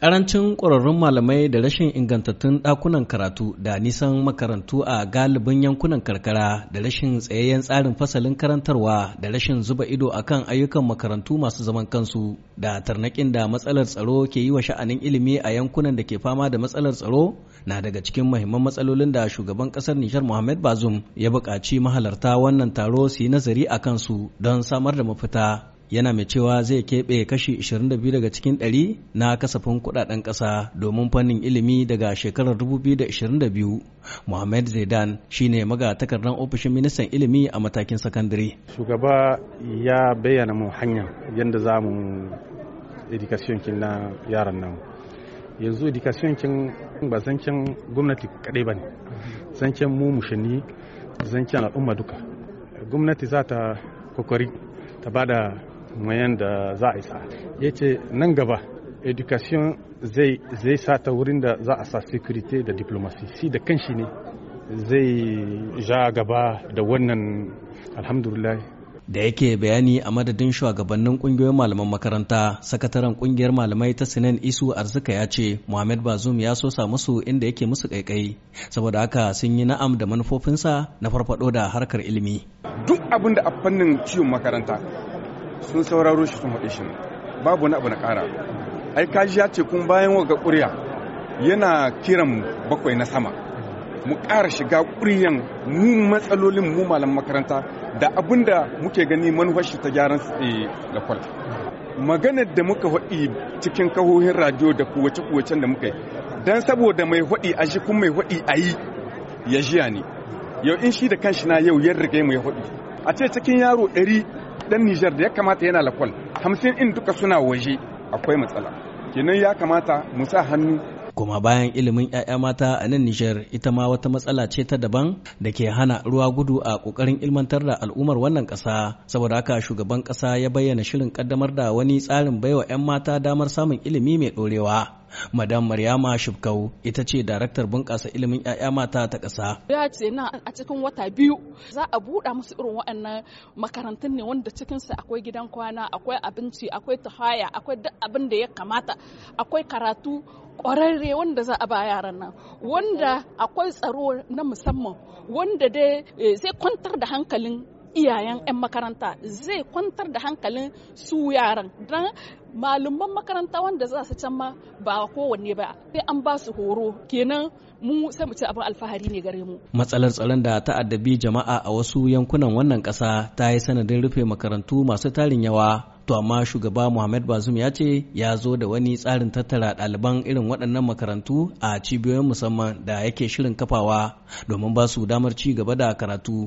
Ƙarancin ƙwararrun malamai da rashin ingantattun ɗakunan karatu da nisan makarantu a galibin yankunan karkara da rashin tsayayyen tsarin fasalin karantarwa da rashin zuba ido akan ayyukan makarantu masu zaman kansu da tarnaƙin da matsalar tsaro ke yi wa sha'anin ilimi a yankunan da ke fama da matsalar tsaro na daga cikin mahimman matsalolin da shugaban ƙasar Nishar Mohammed Bazoum ya buƙaci mahalarta wannan taro su yi nazari a kansu don samar da mafita yana mai cewa zai keɓe kashi 22 daga cikin 100 na kasafin kudaden ƙasa domin fannin ilimi daga shekarar 2022 mohamed zaidan shine magatakardar ofishin ministan ilimi a matakin sakandare shugaba ya bayyana mu hanya yadda za mu education kin na yaran nan yanzu education kin ba zancen gwamnati kadai ba ne zancen mu mushini zancen al'umma duka gwamnati za ta kokari ta bada mayan da za a isa ya ce nan gaba education zai sa ta wurin da za a sa security da diplomacy si da kan shi ne zai ja gaba da wannan alhamdulillah da yake bayani a madadin shugabannin kungiyoyin malaman makaranta sakataren kungiyar malamai ta sinan isu arzika ya ce muhammad bazum ya sosa musu inda yake musu kaikai saboda haka sun yi na'am da manufofinsa na farfado da harkar ilimi duk abin da a fannin ciwon makaranta sun sauraro shi sun haɗe shi babu wani abu na ƙara ai kaji ya ce kun bayan waga ƙuriya yana kiran bakwai na sama mu ƙara shiga ƙuriyan mu matsalolin mu malam makaranta da abin da muke gani manufashi ta gyaran eh, lakwal maganar da muka haɗi cikin kahohin radio da kuwace-kuwacen da muka yi don saboda mai haɗi a shi kun mai haɗi a yi ya jiya ne yau in shi da kanshi na yau ya riga mai haɗi a ce cikin yaro ɗari dan Nijar da ya kamata yana lakwal hamsin in duka suna waje akwai matsala kenan ya kamata mu sa hannu kuma bayan ilimin 'ya'ya mata a nan Nijar ita ma wata matsala ce ta daban da ke hana ruwa gudu a ƙoƙarin ilmantar da al'ummar wannan ƙasa saboda haka shugaban ƙasa ya bayyana shirin ƙaddamar da wani tsarin baiwa 'yan mata damar samun ilimi mai ɗorewa Madam Maryama shubkau ita ce daraktar bunƙasa ilimin 'ya'ya mata ta ƙasa. Ya ce na a cikin wata biyu za a buɗa musu irin waɗannan makarantun ne wanda cikinsu akwai gidan kwana, akwai abinci, akwai tuhaya, akwai duk abin da ya kamata, akwai karatu ƙwararre wanda za a ba yaran nan, wanda akwai tsaro na musamman, wanda dai eh, zai kwantar da hankalin iyayen 'yan makaranta zai kwantar da hankalin su yaran don malaman makaranta wanda za su can ma ba kowanne ba sai an ba su horo kenan mu sai mu ci abin alfahari ne gare mu matsalar tsaron da ta addabi jama'a a wasu yankunan wannan kasa ta yi sanadin rufe makarantu masu tarin yawa to amma shugaba Muhammad Bazum ya ce ya zo da wani tsarin tattara ɗaliban irin waɗannan makarantu a cibiyoyin musamman da yake shirin kafawa domin ba su damar ci gaba da karatu